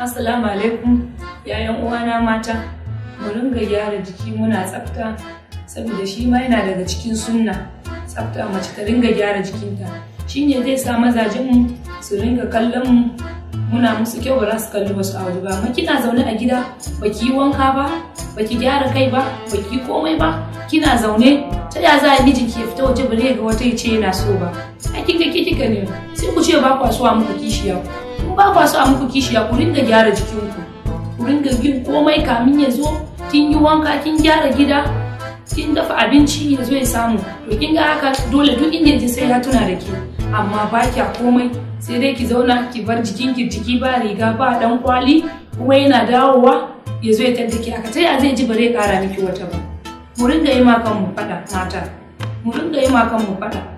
Assalamu alaikum yayan uwana mata mu ringa gyara jiki muna tsafta saboda shi ma yana daga cikin sunna tsafta mace ta ringa gyara jikinta shi ne zai sa mazajen mu su ringa kallon mu muna musu kyau ba za su kalli wasu a waje ba kina zaune a gida baki yi wanka ba baki gyara kai ba baki komai ba kina zaune ta ya za a mijinki ya fita waje ba zai ga wata ya ce yana so ba Ai kika kika ne sai ku ce ba kwasuwa so muku kishiya ku Ku ba kwaso a muku kishiya ku ringa gyara jikinku ku ringa yin komai kamin ya zo kin yi wanka kin gyara gida kin dafa abinci ya zo ya samu to kin ga haka dole duk inda ji sai ya tuna da ke amma ba kya komai sai dai ki zauna ki bar ki jiki ba riga ba dan kwali kuma yana dawowa ya zo ya tattake haka ta ya zai ji bare kara miki wata ba mu ringa yi ma kanmu fada mata mu ringa yi ma kanmu fada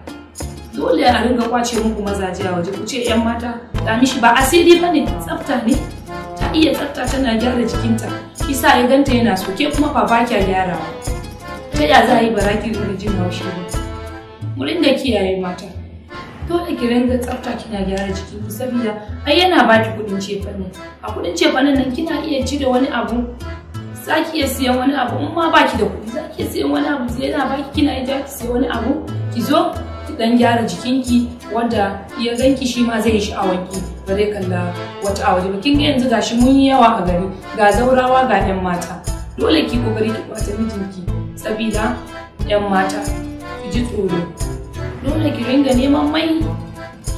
dole a ringa kwace muku mazaje a waje ku ce yan mata ta mishi ba asiri ba ne tsafta ne ta iya tsafta tana gyara jikinta isa ya ganta yana so ke kuma fa ba kya ba. ta ya za a yi baraki da jin haushi ba mu ringa kiyaye mata dole ki ringa tsafta kina gyara jikin ku saboda ai yana baki kudin ne a kudin cefan nan kina iya ci da wani abu za ki iya siyan wani abu in ma ki da kudi za ki iya siyan wani abu yana ki? kina iya siyan wani abu ki zo dan gyara jikinki wanda ya ganki shi ma zai yi sha'awanki ba zai kalla wata a waje ba kin ga yanzu gashi mun yi yawa a gari ga zaurawa ga yan mata dole ki kokari ki kwata mijinki sabida yan mata ki ji tsoro dole ki ringa neman mai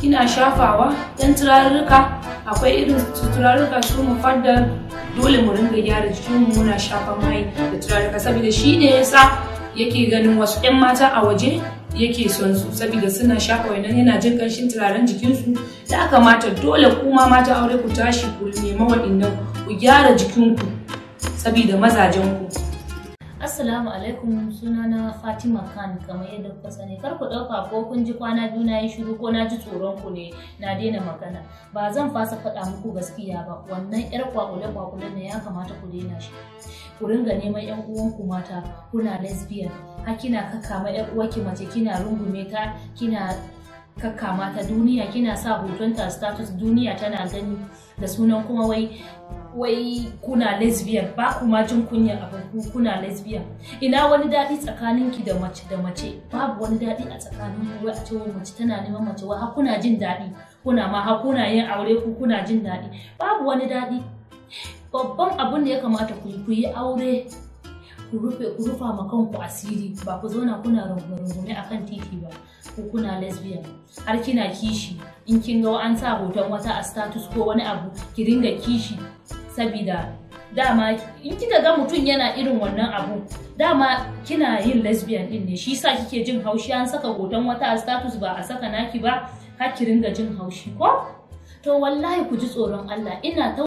kina shafawa dan turarurruka akwai irin turarurruka su fadda. dole mu ringa gyara jikinmu muna shafa mai da turarurruka saboda shi ne yasa yake ganin wasu 'yan mata a waje yake son su saboda suna shafa wannan yana jin kanshin turaren su da kamata dole kuma mata aure ku tashi ku nema waɗannan ku gyara jikinku saboda ku. Assalamu alaikum sunana Fatima Khan kamar yadda kuka sani kar ku ɗauka ko kun ji kwana biyu na yi shiru ko na ji tsoron ku ne na daina magana ba zan fasa faɗa muku gaskiya ba wannan yar kwakule kwakule ne ya kamata ku daina shi ku ringa neman yan uwanku mata kuna lesbian har kina kakkama yar uwarki mace kina rungume ta kina kakkama ta duniya kina sa hoton ta status duniya tana gani da sunan kuma wai wai kuna lesbian ba kuma jin a abin kuna lesbian ina wani daɗi tsakaninki da mace da mace babu wani daɗi a tsakanin ku wai a ce wai mace tana neman mace wa har kuna jin daɗi kuna ma har kuna yin aure ku kuna jin daɗi babu wani daɗi babban abin da ya kamata ku yi aure ku rufe ku rufa ma kanku asiri ba ku zauna kuna rungume a kan titi ba ko kuna lesbian har kina kishi in kin ga an sa hoton wata a status ko wani abu ki ringa kishi sabida dama in kika ga mutum yana irin wannan abu dama kina yin lesbian din ne shi sa kike jin haushi an saka hoton wata a status ba a saka naki ba har ki ringa jin haushi ko to wallahi ku ji tsoron Allah ina ta.